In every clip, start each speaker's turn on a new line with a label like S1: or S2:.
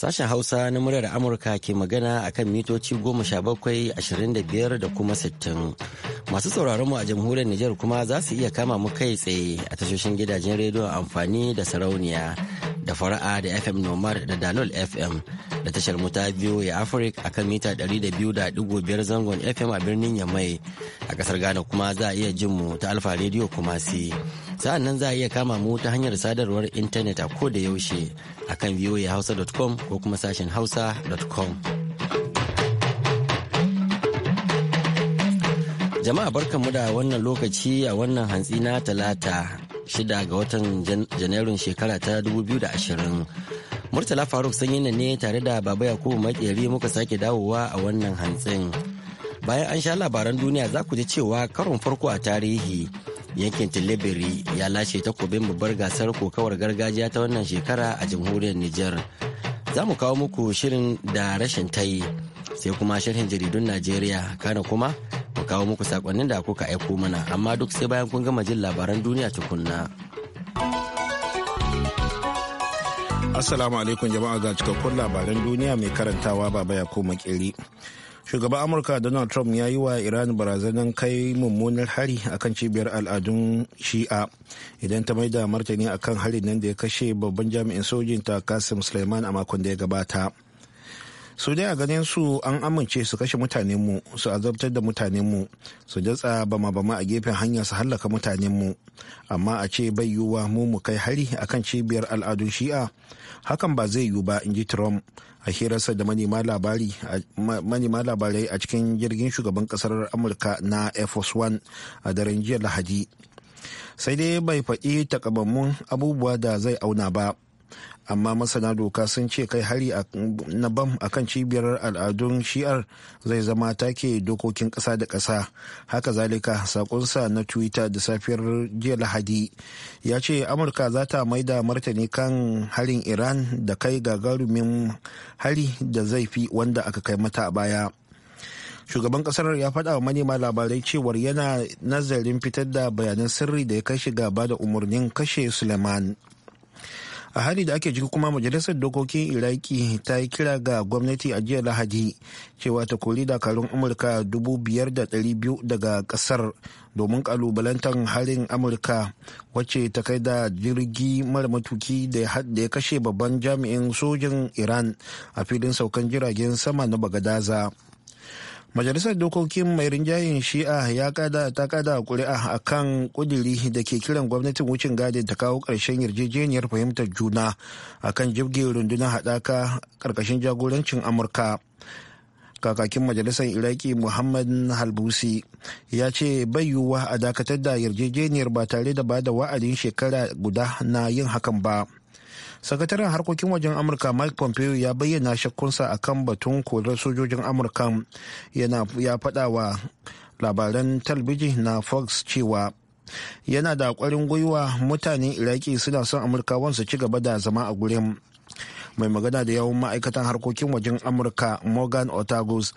S1: Sashen Hausa na muryar Amurka ke magana a kan mitoci 17,25 da kuma sittin Masu sauraron mu a jamhuriyar Nijar kuma za su iya kama mu kai tsaye a tashoshin gidajen rediyo amfani da sarauniya da fara'a da FM nomar da Dalol FM da tashar muta biyu ya Africa a kan mita 200.5 zangon FM a birnin Yamai a ƙasar Ghana kuma za a iya jin mu ta Alfa Radio si. sa'an nan za a iya kama mu ta hanyar sadarwar intanet a ko da yaushe a kan voahausa.com ko kuma sashen hausa.com jama'a barkanmu da wannan lokaci a wannan hantsi na talata shida ga watan janairun shekara ta 2020 Murtala Faruk Sanyina ne tare da Baba Yakubu Makeri muka sake dawowa a wannan hantsin. Bayan an sha labaran duniya za ku ji cewa karon farko a tarihi yankin tilibiri ya lashe takobin babbar gasar kokawar gargajiya ta wannan shekara a jamhuriyar niger za mu kawo muku shirin da rashin ta yi sai kuma sharhin jaridun najeriya kana kuma mu kawo muku sakonnin da kuka aiko mana amma duk sai bayan kun gama jin labaran duniya tukunna
S2: assalamu alaikum jama'a ga cikakkun labaran duniya mai karantawa baba ya koma kiri shugaban amurka donald trump ya yi wa iran barazanar kai mummunar hari akan cibiyar al'adun shi'a idan ta maida martani akan harin nan da ya kashe babban jami'in sojin ta kasim suleiman a makon da ya gabata su dai a ganin su an amince su kashe mutanenmu su azabtar da mutanenmu su datsa bama bama a gefen hanya su hallaka mutanenmu amma a ce bai yiwuwa mu mu kai hari akan cibiyar al'adun shi'a hakan ba zai yiwu ba in ji trump a hirarsa da manema labarai a cikin jirgin shugaban kasar amurka na air force one a daren jiya lahadi sai dai bai faɗi takamammun abubuwa da zai auna ba amma masana doka sun ce kai hari na bam a kan cibiyar al'adun shi'ar zai zama take dokokin ƙasa da ƙasa haka zalika sakonsa na twitter da safiyar jiya lahadi ya ce amurka za ta maida martani kan harin iran da kai gagarumin hari da zai fi wanda aka kai mata a baya shugaban kasar ya faɗa wa manema labarai cewar yana nazarin fitar da bayanan sirri da ya kai shiga da umarnin kashe suleiman a hali da ake jiki kuma majalisar dokokin iraki ta yi kira ga gwamnati a jiya lahadi cewa ta kori dakarun amurka dubu biyar da biyu daga kasar domin kalubalantar harin amurka wacce ta kai da jirgi mara matuki da ya kashe babban jami'in sojin iran a filin saukan jiragen sama na bagadaza. majalisar dokokin mai rinjayen shi'a ya kada ta kada kuri'a a kan kudiri da ke kiran gwamnatin wucin gadin ta kawo karshen yarjejeniyar fahimtar juna a kan jibge rundunar haɗaka ƙarƙashin jagorancin amurka kakakin majalisar iraki muhammad halbusi ya ce bai yiwuwa a dakatar da yarjejeniyar ba tare da bada wa'adin shekara guda na yin hakan ba sakataren harkokin wajen amurka mike pompeo ya bayyana shakkunsa kan batun korar sojojin amurka ya faɗa wa labaran talbijin na fox cewa yana da ƙwarin gwiwa mutanen iraki suna son amurka su ci gaba da zama a gurin mai magana da yawan ma'aikatan harkokin wajen amurka morgan otagos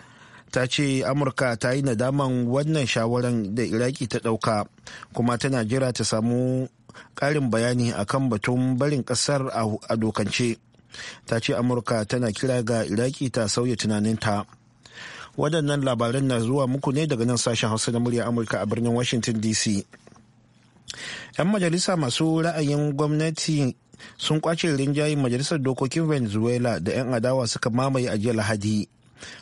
S2: ta ce amurka ta yi nadaman wannan shawaran da iraki ta ɗauka kuma tana jira ta samu ƙarin bayani akan batun barin ƙasar a dokance ta ce amurka tana kira ga iraki ta sauya tunaninta waɗannan labaran na zuwa muku ne daga nan sashen hausa na murya amurka a birnin washington dc 'yan majalisa masu ra'ayin gwamnati sun kwace rinjayen majalisar dokokin venezuela da 'yan adawa suka mamaye a jiya lahadi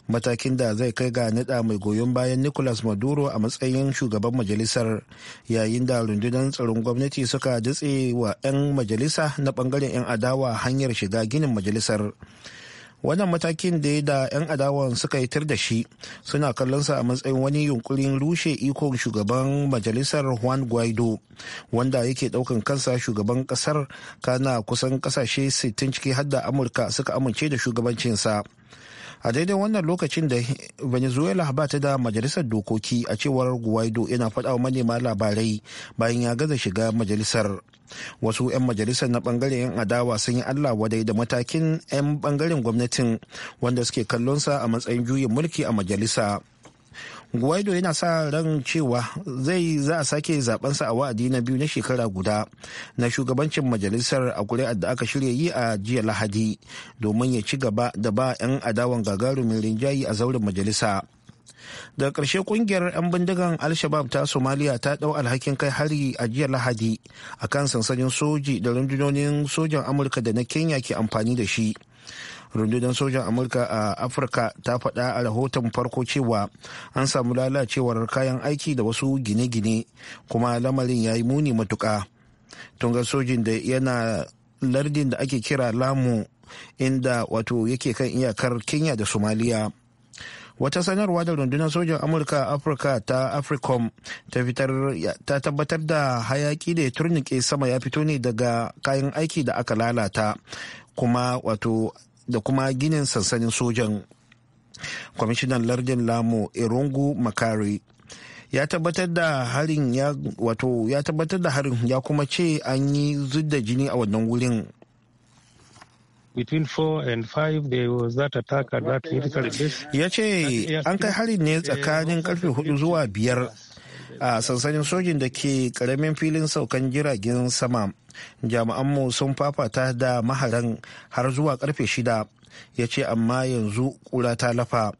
S2: matakin da zai kai ga nada mai goyon bayan nicolas maduro a matsayin shugaban majalisar yayin da rundunar tsaron gwamnati suka jitse wa 'yan majalisa na bangaren 'yan adawa hanyar shiga ginin majalisar wannan matakin da ya da 'yan adawan suka yi tar da shi suna kallonsa a matsayin wani yunkurin rushe ikon shugaban majalisar juan guaido wanda yake daukan kansa shugaban kasar kana kusan kasashe 60 ciki hadda amurka suka amince da shugabancinsa a daidai wannan lokacin da venezuela ba ta da majalisar dokoki a cewar guaido yana faɗa manema labarai bayan ya gaza shiga majalisar wasu 'yan majalisar na bangaren 'yan adawa sun yi allah wadai da matakin 'yan bangaren gwamnatin wanda suke kallonsa a matsayin juyin mulki a majalisa guaido yana sa ran cewa zai za a sake zabensa a wa'adi na biyu na shekara guda na shugabancin majalisar a kuri'ar da aka shirya yi a jiya lahadi domin ya ci gaba da ba 'yan adawan gagarumin rinjayi a zauren majalisa daga ƙarshe kungiyar 'yan bindigan al-shabab ta somalia ta ɗau alhakin kai hari a jiya lahadi a kan sansanin soji da rundunonin sojan amurka da na kenya ke amfani da shi rundunar sojan amurka a afirka ta faɗa a rahoton farko cewa an samu lalacewar kayan aiki da wasu gine-gine kuma lamarin ya yi muni matuƙa tunga sojin da yana lardin da ake kira lamu inda wato yake kan iyakar kenya da somaliya wata sanarwa da rundunar sojan amurka a afirka ta africom ta ta tabbatar da hayaki da ya turnike sama ya fito ne daga kayan aiki da aka lalata kuma wato da kuma ginin sansanin sojan kwamishinan lardin lamu irungu makari ya tabbatar da harin ya wato ya tabbatar da harin ya kuma ce an yi zudda jini a wannan wurin 4 and 5 there ya ce an kai harin ne tsakanin karfe 4 zuwa 5 a sansanin sojin da ke karamin filin saukan jiragen sama jami'anmu sun fafata da maharan har zuwa karfe shida ya ce amma yanzu kura ta lafa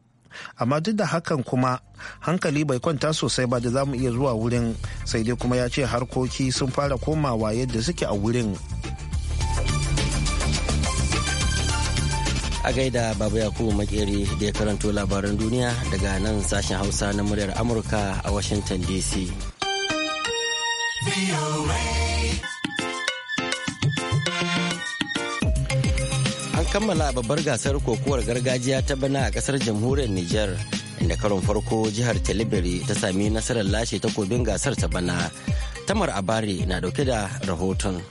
S2: amma duk da hakan kuma hankali bai kwanta sosai ba da za mu iya zuwa wurin sai dai kuma ya ce harkoki sun fara komawa yadda suke a wurin a gaida
S1: babu yakubu makeri da ya karanto labaran duniya daga nan sashen hausa na muryar amurka a washington dc kammala babbar gasar kokowar gargajiya ta bana a kasar jamhuriyar Nijar inda karon farko jihar Talibiri ta sami nasarar lashe takobin gasar ta bana. Tamar Abari na dauke da rahoton.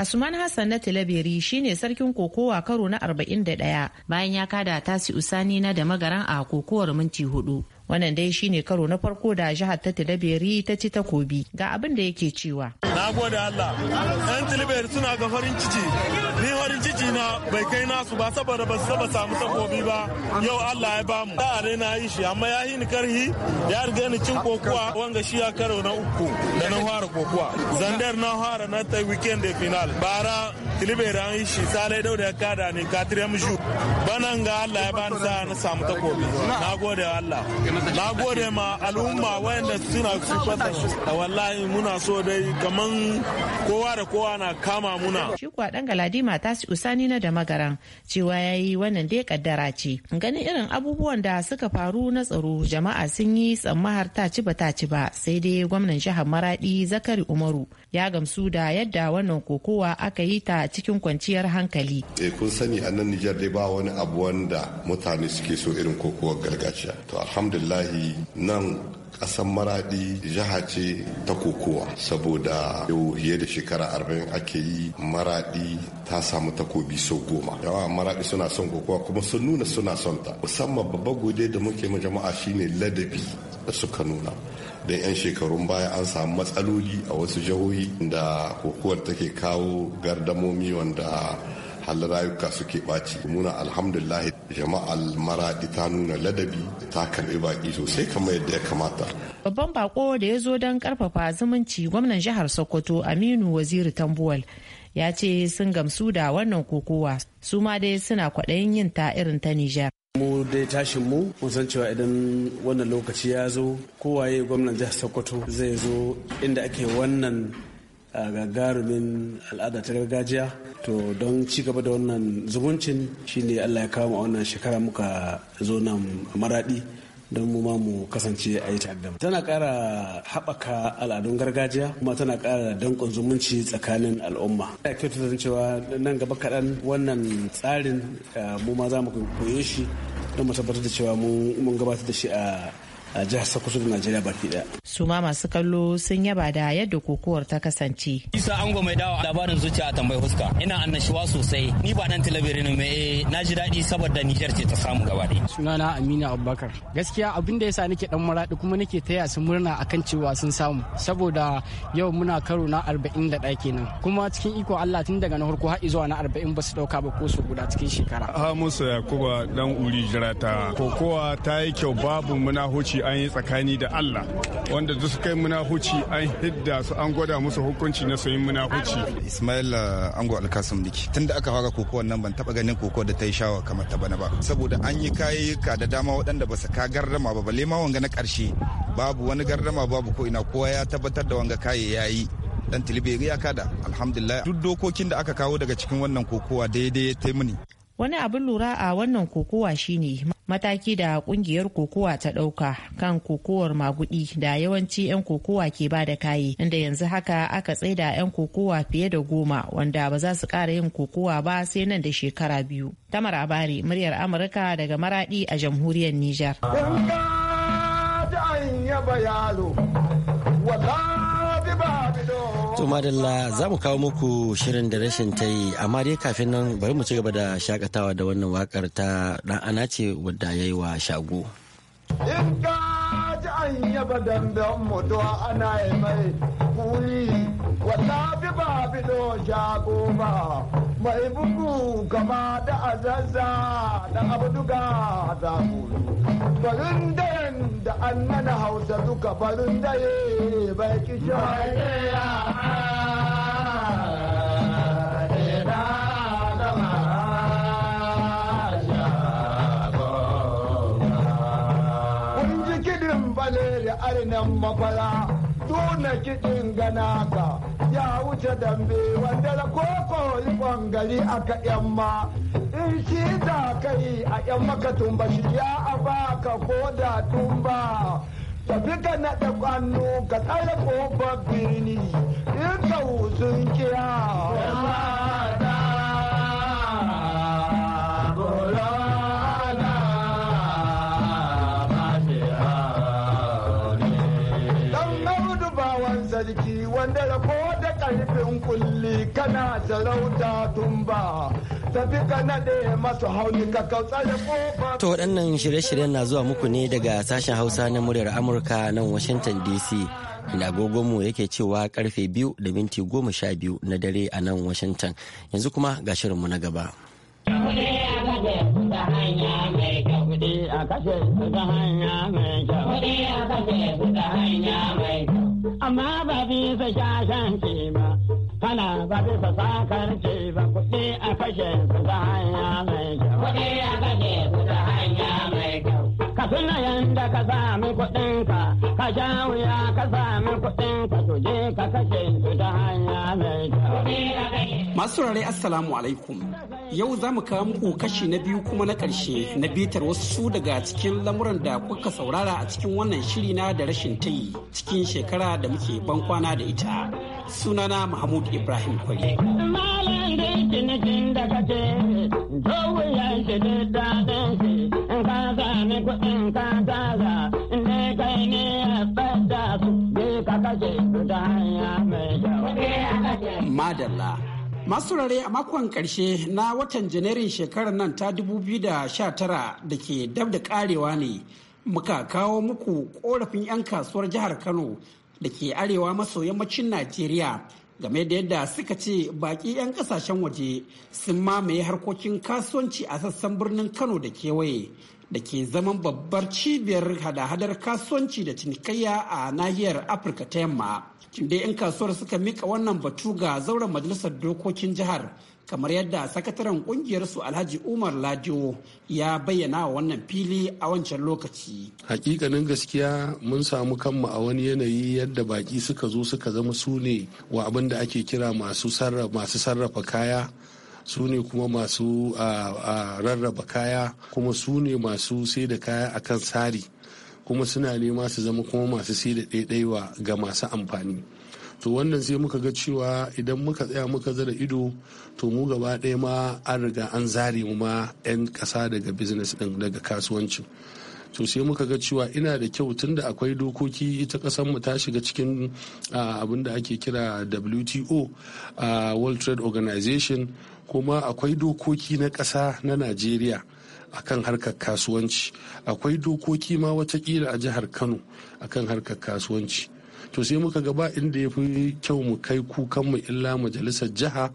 S3: Asuman Hassan na Talibiri shine sarkin kokowa karo na 41 bayan ya kada tasi usani na da magaran a kokowar minti hudu. wannan dai shine karo na farko da jihar ta tilaberi ta ci takobi ga abin da yake cewa
S4: na gode allah yan
S2: tilaberi suna ga farin ciki ni farin ciki na bai kai nasu ba saboda ba su samu takobi ba yau allah ya bamu da are na yi shi amma ya yi ni karhi ya riga ni cin kokuwa wanga shi ya karo na uku da na fara kokuwa zandar na fara na ta weekend da final bara tilaberi an yi shi salai dauda ya kada ni katirem ju banan ga allah ya bani sa na samu takobi na gode allah na gode ma al'umma wayanda suna sifata wallahi muna so dai kaman kowa da kowa na kama muna shi
S3: kuwa dan galadima tasi usani na da magaran cewa yayi wannan dai kaddara ce ganin irin abubuwan da suka faru na tsaro jama'a sun yi tsammahar ta ci ba ci ba sai dai gwamnan jihar maradi zakari umaru ya gamsu da yadda wannan kokowa aka yi ta cikin kwanciyar hankali.
S4: E kun sani a nan Nijar dai ba wani abu wanda mutane suke so irin kokowar gargajiya. To alhamdulillahi nan kasan maradi jiha ce ta kokowa saboda yau fiye da shekara arba'in ake yi maradi ta samu takobi sau goma yawa maradi suna son kokowa kuma sun nuna suna son ta musamman babban gode da muke ma jama'a shine ladabi da suka nuna da 'yan shekarun baya an samu matsaloli a wasu jihohi da kokowar take kawo gardamomi wanda hali rayuka suke ɓaci muna alhamdulillah jama'al maraɗi ta nuna ladabi ta karɓi baƙi sosai kamar yadda ya kamata
S3: babban bako da ya zo don karfafa zumunci gwamnan jihar sokoto aminu waziri tambuwal ya ce sun gamsu da wannan kokowa su ma dai suna kwaɗayin yin ta irin ta Nijar.
S5: mu dai tashin mu mun san cewa idan wannan lokaci ya zo kowaye gwamnan jihar sokoto zai zo inda ake wannan ah, gagarumin al'ada ta gargajiya to don ci gaba da wannan zumuncin shine allah ya kawo wannan shekara muka zo nan maradi don mu ma mu kasance a yi tare tana kara haɓaka al'adun gargajiya kuma tana ƙara danƙon zumunci tsakanin al'umma ina kyautata cewa nan gaba kaɗan wannan tsarin eh, mu ma za mu koye shi don mu tabbatar da cewa mun gabatar da shi a a jihar Sokoto da Najeriya baki
S6: daya.
S3: Su ma masu kallo sun yaba da yadda kokowar ta kasance.
S6: Isa Ango mai dawa labarin zuciya a tambayi huska. Ina annashuwa sosai. Ni ba nan talabijin mai eh, na ji daɗi saboda Nijar ce ta samu gaba ɗaya.
S1: Sunana Amina Abubakar. Gaskiya abin da ya sa nake dan maraɗi kuma nake taya su murna kan cewa sun samu saboda yau muna karo na arba'in da ɗaya kenan. Kuma cikin iko Allah tun daga na farko har zuwa na arba'in ba su ɗauka ba ko su guda cikin shekara.
S4: musa Yakuba dan Uri Jirata. Kokowa ta yi kyau babu muna huci an yi tsakani da Allah wanda duk suka yi munafuci an hidda su an gwada musu hukunci na su yi munafuci. Ismail uh, Ango Alkasim Diki tun da aka fara koko nan ban taba ganin koko da ta yi shawa kamar ta bana ba saboda an yi kayayyuka da dama waɗanda ba su ka gardama ba balle ma wanga na ƙarshe babu wani gardama babu ko ina kowa ya tabbatar da wanga kaye ya yi dan tilibiri ya kada alhamdulillah duk dokokin da aka kawo daga cikin wannan kokowa daidai ya taimuni.
S3: Wani abin lura a wannan kokowa shine mataki da kungiyar kokowa ta dauka kan kokowar magudi da yawanci 'yan kokowa ke ba da kayi inda yanzu haka aka tsaida 'yan kokowa fiye da goma wanda ba za su kara yin kokowa ba sai nan da shekara biyu tamar abari muryar amurka daga maradi a jamhuriyar niger
S1: To madalla za mu kawo muku shirin da rashin ta yi amma dai kafin nan bari mu ci gaba da shakatawa da wannan wakar ta dan ana ce wadda ya yi wa shago.
S4: an yaba damben mutu ana yi mai kuli wallafi ba fido shago ba mai bugu kama da azaza da abduga ta kulu barin dayan da an mana hausa duka barin daye bai kishin arnan mafara tuna kiɗin ganaka ya wuce dambe wanda da koko rikon gari aka yamma in shi da kai a yan maka tumba shi ya abaka ko da tumba tafi ka naɗa kwano ka tsara ƙofar birni in ka wuzun kira wanda ko da karfin kulli kana sarauta tumba tafi ka nade masu hauni ka kautsare
S1: kofa. To waɗannan shirye-shiryen na zuwa muku ne daga sashen Hausa na muryar Amurka nan Washington DC. Da agogonmu yake cewa karfe biyu da minti goma sha biyu na dare a nan Washington. Yanzu kuma ga shirinmu na gaba.
S7: Kuɗi a kashe su ta hanya mai kyau. Kuɗi a kashe su ta
S4: hanya mai kyau. amma ba bisa ke ba kana ba bisa sakarci ba kuɗi a fashe su
S7: ta hanya mai kyau kuɗi a fashe su ta hanya mai kyau
S4: tuna da ka sami kuɗinka ka sha wuya ka sami kuɗinka to je ka kashe su ta hanya mai kyau.
S5: Masu rare Assalamu alaikum. Yau za mu kawo muku kashi na biyu kuma na ƙarshe na bitar wasu daga cikin lamuran da kuka saurara a cikin wannan shiri na da rashin tayi cikin shekara da muke ban kwana da ita. Sunana Mahmud Ibrahim Kwari.
S4: Malam da cinikin da kace, zo wuyan shi da daɗin kuɗin ne kai ne ya fada
S5: su je ka ta hanya mai kyau. Madalla. Masu rare a makon karshe na watan Janairun shekarar nan ta 2019 da ke dab da karewa ne muka kawo muku korafin 'yan kasuwar jihar Kano da ke arewa maso yammacin Najeriya game da yadda suka ce baki 'yan kasashen waje sun mamaye harkokin kasuwanci a sassan birnin Kano da kewaye da ke zaman babbar cibiyar hada-hadar kasuwanci da cinikayya a nahiyar afirka ta yamma dai 'yan kasuwar suka mika wannan batu ga zauren majalisar dokokin jihar kamar yadda sakataren kungiyar su alhaji umar ladio ya bayyana wannan fili a wancan lokaci
S7: hakikanin gaskiya mun samu kanmu a wani yanayi yadda baki suka zo suka zama su ne wa abin da ake kira masu sarrafa kaya su ne kuma masu a rarraba kaya kuma su ne masu sai da kaya akan tsari kuma suna nema su zama kuma masu sai da ɗaiɗaiwa ga masu amfani to wannan sai muka ga cewa idan muka tsaya muka zara ido to mu gaba ɗaya ma an riga an zare mu ma 'yan ƙasa daga business ɗin daga kasuwancin to sai muka ga cewa ina da kyau tun da akwai dokoki ita mu ta shiga cikin abin da ake kira wto world trade organization kuma akwai dokoki na ƙasa na najeriya a kan harkar kasuwanci akwai dokoki ma watakila a jihar kano a kan harkar kasuwanci to sai muka gaba inda ya fi kyau mu kai kukan mu illa majalisar jiha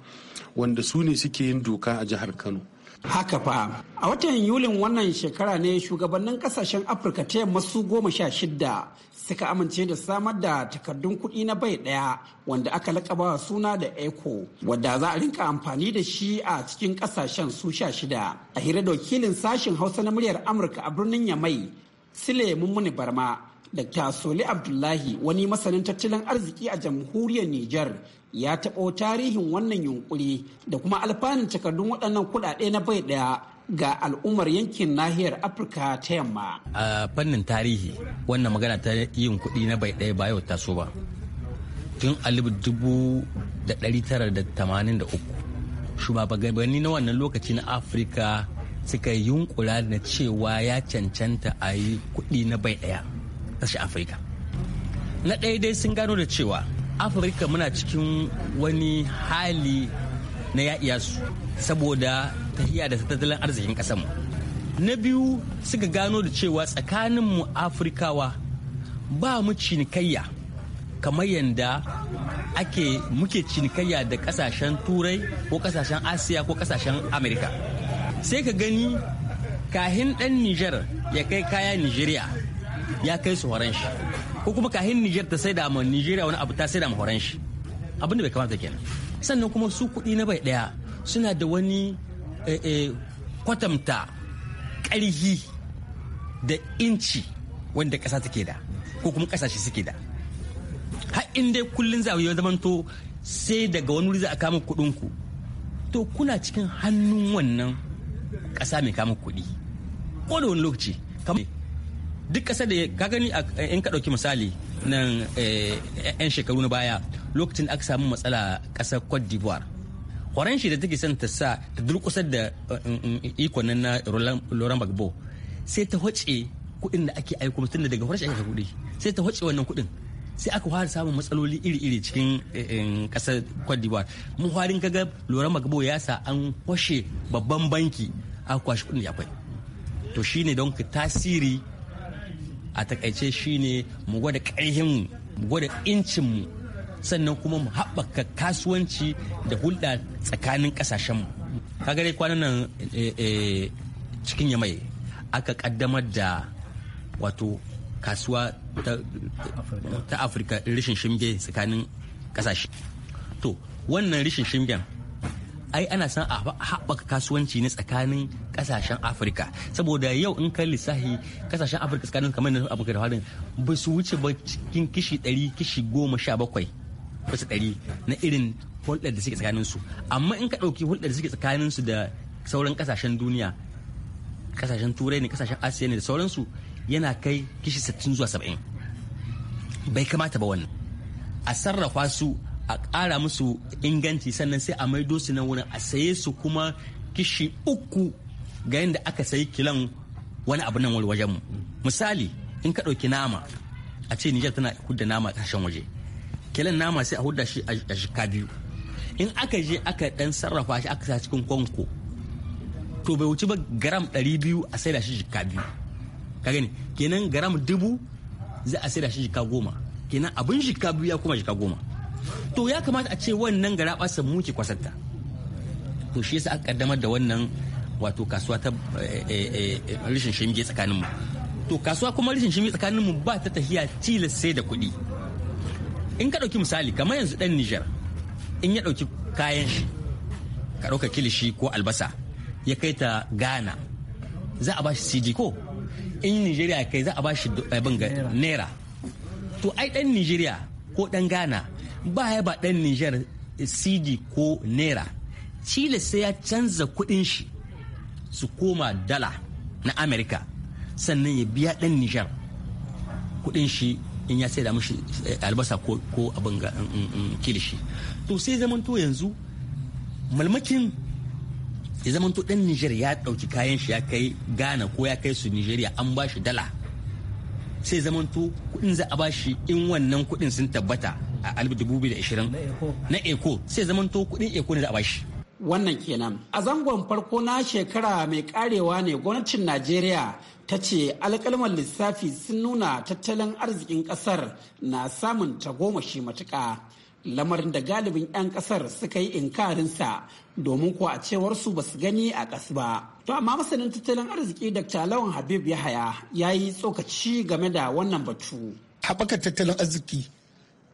S7: wanda su ne suke yin doka a jihar kano haka fa a watan yulin
S5: wannan shekara ne shugabannin kasashen afirka ta yamma su goma sha shida suka amince da samar da takardun kuɗi na bai ɗaya wanda aka lakaba suna da eco wadda za a rinka amfani da shi a cikin ƙasashen su sha shida a hira da wakilin sashen hausa na muryar amurka a birnin yamai sile mummuni barma dr soli abdullahi wani masanin tattalin arziki a jamhuriyar niger ya taɓo tarihin wannan yunkuri da kuma alfanun takardun waɗannan kuɗaɗe na bai ɗaya ga al'ummar yankin nahiyar afirka ta yamma
S6: a fannin tarihi wannan magana ta yin kuɗi na bai ɗaya ba yau taso ba tun uku shugabanni na wannan lokaci na afirka suka yunkura na cewa ya cancanta a yi kuɗi na bai ɗaya ƙasashen afirka na ɗaya dai sun gano da cewa afirka muna cikin wani hali na ya su saboda tahiya da tattalin arzikin ƙasar mu na biyu suka gano da cewa tsakanin mu afirkawa ba mu cinikayya kamar yadda ake muke cinikayya da kasashen turai ko kasashen asiya ko kasashen amerika sai ka gani kahin dan niger ya kai kaya nigeria ya kai su horon shi ko kuma kahin niger ta sai da ma nigeria wani abu ta sai da ma horon shi abin da bai kamata kenan sannan kuma su kuɗi na bai ɗaya suna da wani eh, eh, kwatamta ƙarhi da inci wanda ƙasa take da ko kuma ƙasashe suke da har in dai kullum za ya zamanto sai daga wani wuri za a kama kuɗinku to kuna cikin hannun wannan ƙasa mai kama kuɗi ko da wani lokaci duk ƙasa da ka gani in ka ɗauki misali nan 'yan eh, shekaru na baya lokacin da aka samu matsala kasar cote d'ivoire horon shi da take son ta sa ta durkusar da eh, mm, mm, mm, ikon na laurent gbagbo sai ta wace kuɗin da ake aiko mutum da daga horon ake kuɗi sai ta wace wannan kuɗin sai aka fara samun matsaloli iri-iri cikin eh, eh, ƙasar cote d'ivoire mun harin kaga laurent gbagbo ya sa an kwashe babban banki aka kwashe kuɗin da akwai to shine don tasiri a takaice shine mu gwada ƙarhin mu gwada incin mu sannan kuma mu haɓaka kasuwanci da hulɗa tsakanin ƙasashenmu kaga dai kwanan nan eh, eh, eh, cikin yamai aka ƙaddamar da wato kasuwa ta afirka rishin shimge tsakanin ƙasashe to wannan rishin shimgen ai ana san a haɓaka kasuwanci ne tsakanin kasashen afirka saboda yau in kan lissahi kasashen afirka tsakanin kamar na afirka da hadin ba su wuce ba cikin kishi 100 kishi 17 kusa ɗari na irin hulɗar da suke tsakanin su amma in ka ɗauki hulɗar da suke tsakanin su da sauran kasashen duniya kasashen turai ne kasashen asiya ne da sauransu yana kai kishi 60 zuwa saba'in. bai kamata ba wannan a sarrafa su a ƙara musu inganci sannan sai a maido su nan wurin a saye su kuma kishi uku ga yadda aka sayi kilan wani abu nan wajen mu misali in ka ɗauki nama a ce nijar tana da nama a kasashen waje kelen nama sai a hudda shi a shika biyu in aka je aka dan sarrafa shi aka sa cikin kwanko to bai wuce ba garam 200 a saida shi shika biyu ka gani kenan garam dubu za a saida shi shika goma kenan abin shika biyu ya kuma shika goma to ya kamata a ce wannan gara ɓasa muke kwasanta to shi yasa aka kaddamar da wannan wato kasuwa ta eh, eh, eh, rashin shimge tsakaninmu to kasuwa kuma rashin shimge tsakaninmu ba ta tafiya tilas sai da kuɗi in ka ɗauki misali kamar yanzu ɗan Nijar in ya ɗauki kayan shi ka ɗauka kilishi ko albasa ya kai ta Ghana za a ba shi CD ko in Nijeriya kai za a ba shi naira to ai ɗan Nijeriya ko ɗan Ghana ba ya ba ɗan Nijar CD ko naira Chile sai ya canza kuɗin shi su koma dala na Amerika sannan ya biya ɗan Nijar kuɗin shi in ya sai da mushi eh, albasa ko abin ga kilishi to sai zamanto yanzu malmakin ya zamanto dan Nijar ya dauki kayan shi ya kai Ghana ko ya kai su Nijeriya an ba shi dala sai zamanto kudin za a ba in wannan kudin sun tabbata a 2020 na eko sai zamanto kudin eko ne za a ba shi wannan kenan a zangon farko na shekara
S5: mai karewa ne gwamnatin najeriya ta ce alkalmar lissafi sun nuna tattalin arzikin kasar na samun tagomashi matuka. lamarin da galibin 'yan kasar suka yi inkarinsa domin kuwa a cewar su basu gani a ƙas ba to amma masanin tattalin arziki dr lawan habib yahaya ya yi tsokaci game da wannan batu haɓakar tattalin
S8: arziki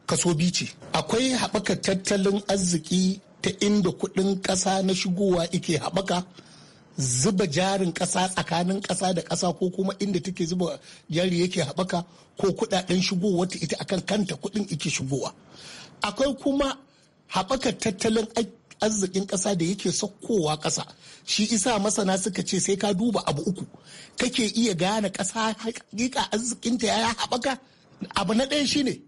S8: kaso ce akwai haɓakar tattalin arziki ta inda kudin kasa na shigowa ike haɓaka zuba jarin kasa tsakanin kasa da kasa ko kuma inda take zuba jari yake haɓaka ko kuɗaɗen shigowa ta ita akan kanta kudin ike shigowa akwai kuma haɓaka tattalin arzikin kasa da yake sakkowa kasa shi isa masana suka ce sai ka duba abu uku kake iya gane kasa hakika arzikinta ya haɓaka abu na ɗaya shine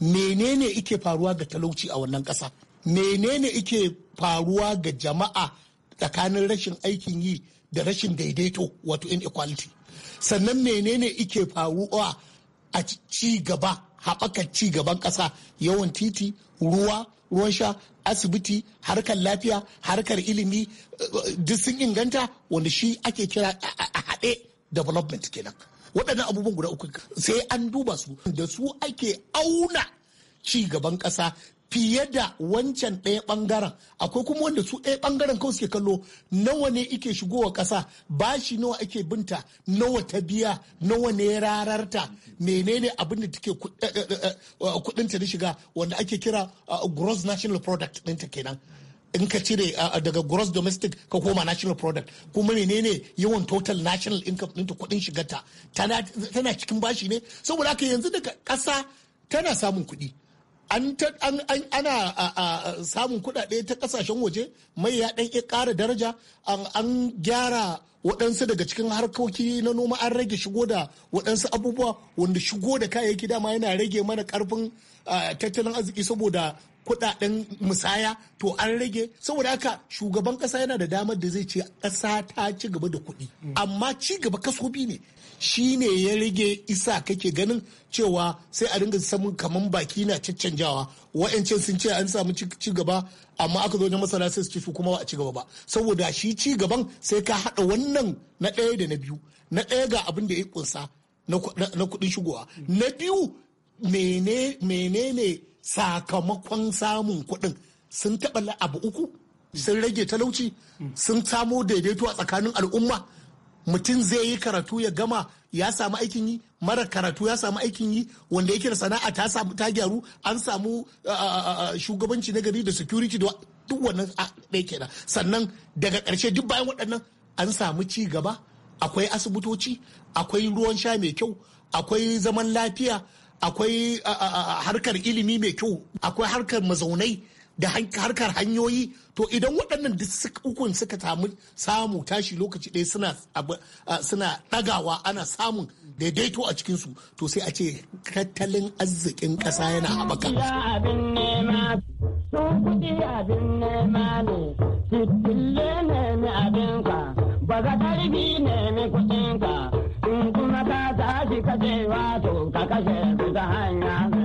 S8: menene ike faruwa ga talauci a wannan kasa. menene ike faruwa ga jama'a tsakanin rashin aikin yi da rashin daidaito wato inequality sannan menene ike faruwa a ci gaba haɓakar ci gaban ƙasa yawan titi ruwa ruwan sha asibiti harkar lafiya harkar ilimi duk sun inganta wanda shi ake kira a haɗe development kenan waɗannan abubuwan guda uku sai an duba su da su ake auna ci gaban ƙasa fiye da wancan ɗaya ɓangaren akwai kuma wanda su ɗaya ɓangaren kawai suke kallo nawa ne ike shigowa ƙasa bashi nawa ake binta nawa ta biya nawa ne rararta menene abin da take eh, eh, eh, kuɗinta ta shiga wanda ake kira gross national product ɗinta kenan in ka cire daga gross domestic ka koma national product kuma menene yawan total national income ɗinta kuɗin shigarta tana cikin bashi ne saboda haka yanzu daga ƙasa tana samun kuɗi an ana samun kudade ta kasashen waje mai ya ya kara daraja an gyara waɗansu daga cikin harkoki na noma an rage shigo da waɗansu abubuwa wanda shigo da kayayyaki dama yana rage mana karfin tattalin arziki saboda kudaden musaya to an rage saboda haka shugaban kasa yana da damar da zai ce kasa ta ci gaba da kuɗi amma ci gaba kasobi ne shi ne ya rage isa kake ganin cewa sai a dinga samun kamar baki na caccanjawa wa'ancan sun ce an samu ci gaba amma aka zo wajen masana sai su ci su kuma a ci gaba ba saboda shi ci gaban sai ka haɗa wannan na ɗaya da na biyu na ɗaya ga abin da ya kunsa na kuɗin shigowa na biyu menene sakamakon samun kuɗin sun taɓa abu uku sun rage talauci sun samo daidaito a tsakanin al'umma mutum zai yi karatu ya gama ya samu aikin yi mara karatu ya samu aikin yi wanda yake da sana'a ta samu ta gyaru an samu shugabanci na gari da security da duk wannan ɗaya kenan sannan daga ƙarshe duk bayan waɗannan an samu ci gaba akwai asibitoci akwai ruwan sha mai kyau akwai zaman lafiya akwai harkar ilimi mai kyau akwai harkar mazaunai da harkar hanyoyi to idan waɗannan duk ukun suka samu tashi lokaci ɗaya suna suna ɗagawa ana samun daidaito a cikinsu to sai a ce tattalin arzikin ƙasa yana haɓaka.
S4: Ba za ta ribi nemi kuɗinka,
S5: in kuma ka tashi ka je wato ka kashe su ta hanya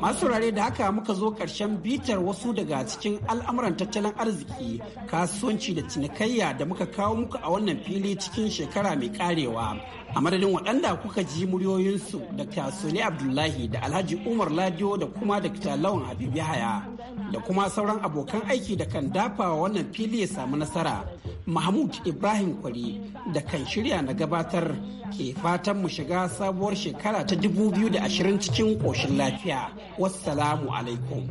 S5: Masu saurare da haka muka zo ƙarshen bitar wasu daga cikin al'amuran tattalin arziki, kasuwanci da cinikayya da muka kawo muku a wannan fili cikin shekara mai karewa. A madadin waɗanda kuka ji muryoyinsu da kasuwani Abdullahi da Alhaji Umar Ladiyo da kuma Dr. Lawan Habib Yahaya da kuma sauran abokan aiki da kan dafa wannan fili ya samu nasara. mahmud ibrahim kwari da kan shirya na gabatar ke fatan mu shiga sabuwar shekara ta 2020 cikin koshin lafiya wassalamu alaikum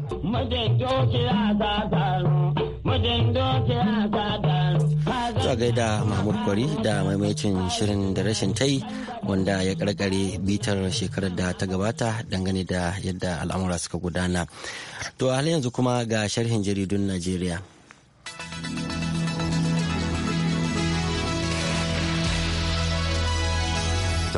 S1: Zuwa gaida Mahmud Kwari da maimacin shirin da rashin tai wanda ya karkare bitar shekarar da ta gabata dangane da yadda al'amura suka gudana. To a yanzu kuma ga sharhin jaridun Najeriya.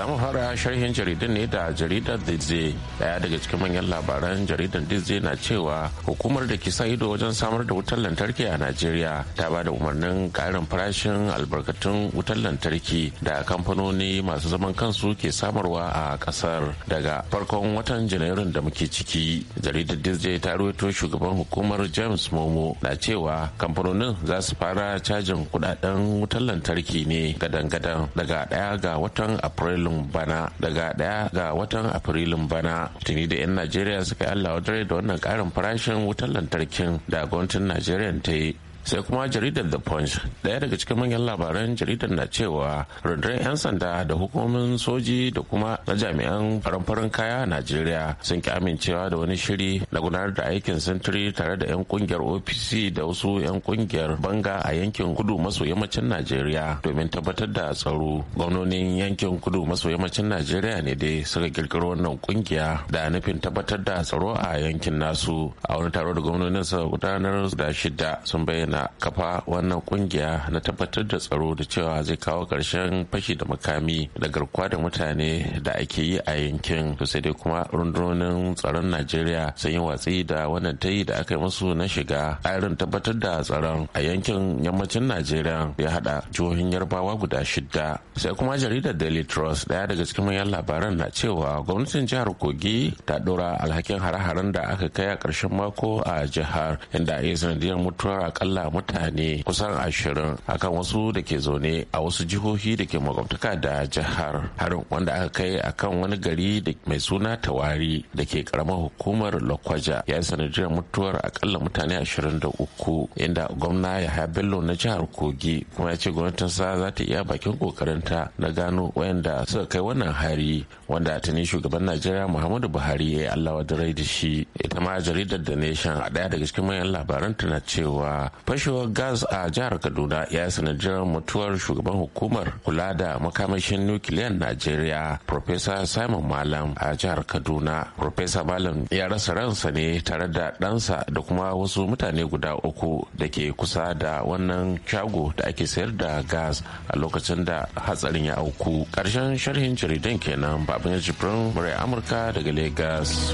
S9: za mu fara sharhin jaridan ne da jaridar dizze daya daga cikin manyan labaran jaridar dizze na cewa hukumar da ke sa ido wajen samar da wutar lantarki a najeriya ta ba da umarnin karin farashin albarkatun wutar lantarki da kamfanoni masu zaman kansu ke samarwa a kasar daga farkon watan janairun da muke ciki jaridar dizze ta ruwaito shugaban hukumar james momo na cewa kamfanonin za su fara cajin kudaden wutar lantarki ne gadan-gadan daga daya ga watan afrilu afrilun bana daga daya ga watan afrilun bana tuni da 'yan najeriya suka yi allah da wannan karin farashin wutar lantarkin da gwamnatin najeriya ta yi sai kuma jaridar the punch daya daga cikin manyan labaran jaridar na cewa rundunar 'yan sanda da hukumomin soji da kuma na jami'an farin kaya a najeriya sun ki amincewa da wani shiri na gudanar da aikin sintiri tare da 'yan kungiyar opc da wasu 'yan kungiyar banga a yankin kudu maso yammacin najeriya domin tabbatar da tsaro gwamnonin yankin kudu maso yammacin najeriya ne dai suka kirkiro wannan kungiya da nufin tabbatar da tsaro a yankin nasu a wani taro da gwamnonin suka gudanar da shida sun bayyana na kafa wannan kungiya na tabbatar da tsaro da cewa zai kawo ƙarshen fashi da makami da garkuwa da mutane da ake yi a yankin to sai dai kuma rundunonin tsaron najeriya sun yi watsi da wannan ta yi da aka yi musu na shiga irin tabbatar da tsaron a yankin yammacin najeriya ya hada jihohin yarbawa guda shida sai kuma jaridar daily trust daya daga cikin manyan labaran na cewa gwamnatin jihar kogi ta dora alhakin hare-haren da aka kai a ƙarshen mako a jihar inda a yi sanadiyar mutuwar akalla a mutane kusan ashirin akan wasu da ke zaune a wasu jihohi da ke makwabtaka da jihar harin wanda aka kai akan wani gari mai suna tawari da ke karamar hukumar lokwaja ya yi sanadiyar mutuwar akalla mutane ashirin da uku inda gwamna yahaya bello na jihar kogi kuma ya ce gwamnatinsa za ta iya bakin kokarinta na gano wayanda suka kai wannan hari wanda tuni shugaban najeriya muhammadu buhari ya yi allawa da rai da shi ita ma jaridar da nation a daya daga cikin manyan labaran tana cewa fashewar gas a jihar kaduna ya sanadiyar mutuwar shugaban hukumar kula da makamashin nukiliyar najeriya professor simon malam a jihar kaduna professor malam ya rasa ransa ne tare da ɗansa da kuma wasu mutane guda uku da ke kusa da wannan shago da ake sayar da gas a lokacin da hatsarin ya auku ƙarshen sharhin jaridan kenan babin jibrin murai amurka daga lagos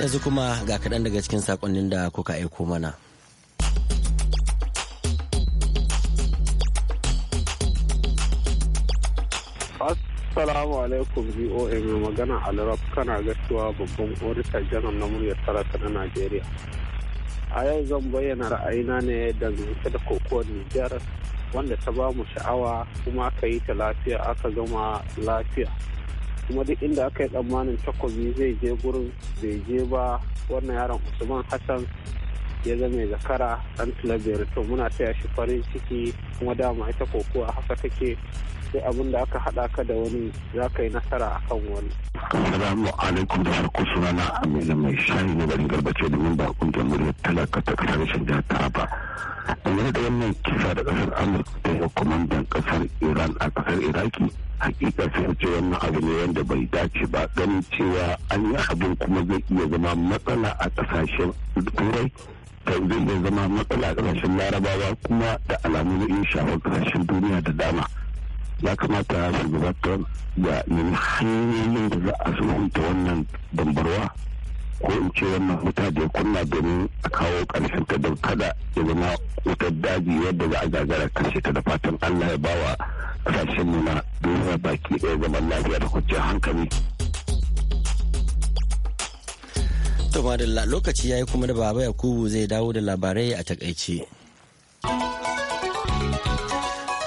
S1: yanzu kuma ga kaɗan daga cikin sakonnin da kuka aiko mana.
S2: Assalamu alaikum VOA mai magana
S7: Alraf kana gaskiya babban odita janar na muryar talaka na Najeriya. A yau zan bayyana ra'ayina ne dangance da kokowar Nijar wanda ta ba mu
S5: sha'awa kuma aka yi ta lafiya aka gama lafiya. kuma duk inda aka yi
S2: tsammanin takobi zai je gurin bai je ba wannan yaron usman hassan ya zama zakara dan talabiyar to muna taya shi farin ciki kuma dama ita kokowa haka take sai abin da aka haɗa ka da wani za ka yi nasara a kan wani.
S4: Assalamu alaikum da farko sunana Aminu mai shayi ne bari garbace domin ba kungiyar muryar talaka ta kasar shan jihar Taraba. Dangane da wannan kisa da kasar Amurka da kwamandan kasar Iran a kasar Iraki hakika sun ce wannan abu ne wanda bai dace ba ganin cewa an yi abin kuma zai iya zama matsala a kasashen turai zai iya zama matsala a kasashen larabawa kuma da alamu zai iya shafar kasashen duniya da dama ya kamata shugabatar da nemi hanyoyin da za a sulhunta wannan dambarwa ko in ce wannan wuta da ya kunna domin a kawo ƙarshen ta don kada ya zama wutar daji yadda za a gagara kashe ta da fatan allah ya bawa ƙasashen mu na duniya baki ɗaya zaman lafiya da kwanciyar hankali.
S1: To madalla lokaci ya yi kuma da baba Yakubu zai
S2: dawo da labarai a takaice.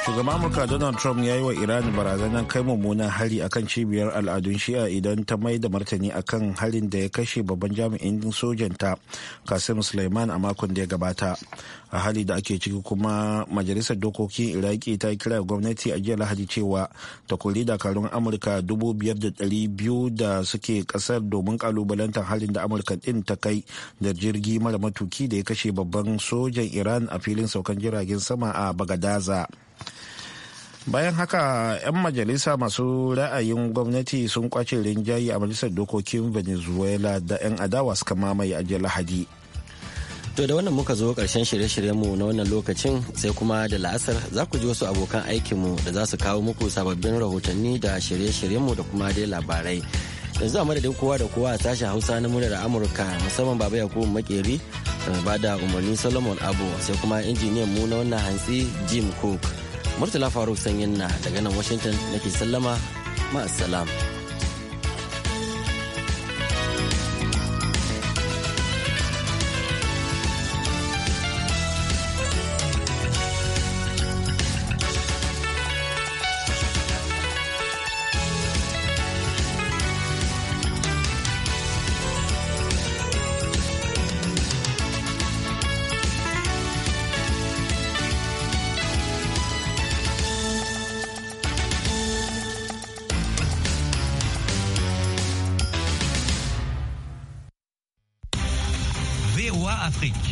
S2: shugaban amurka donald trump ya yi wa iran barazanar kai mummunan hari akan cibiyar al'adun shi'a idan ta mai da martani kan harin da ya kashe babban jami'in sojanta kasim suleiman a makon da ya gabata a hali da ake ciki kuma majalisar dokokin iraki ta yi kira gwamnati a jiya lahadi cewa ta kori dakarun amurka dubu biyar da ɗari biyu da suke kasar domin kalubalantar halin da amurka ɗin ta kai da jirgi mara matuki da ya kashe babban sojan iran a filin saukan jiragen sama a bagadaza bayan haka 'yan majalisa masu ra'ayin gwamnati sun kwace rinjaye a majalisar dokokin venezuela da 'yan adawa suka mamaye ajiyar lahadi
S1: to da wannan muka zo karshen shirye-shiryenmu na wannan lokacin sai kuma da la'asar za ku ji wasu abokan aikinmu da za su kawo muku sababbin rahotanni da shirye-shiryenmu da kuma dai labarai yanzu a madadin kowa da kowa a sashen hausa na muryar amurka musamman baba yakubu makeri da bada umarni solomon abu sai kuma injiniyan mu na wannan hantsi jim cook murtala faruk sanyin na daga nan washington nake sallama ma'asalam.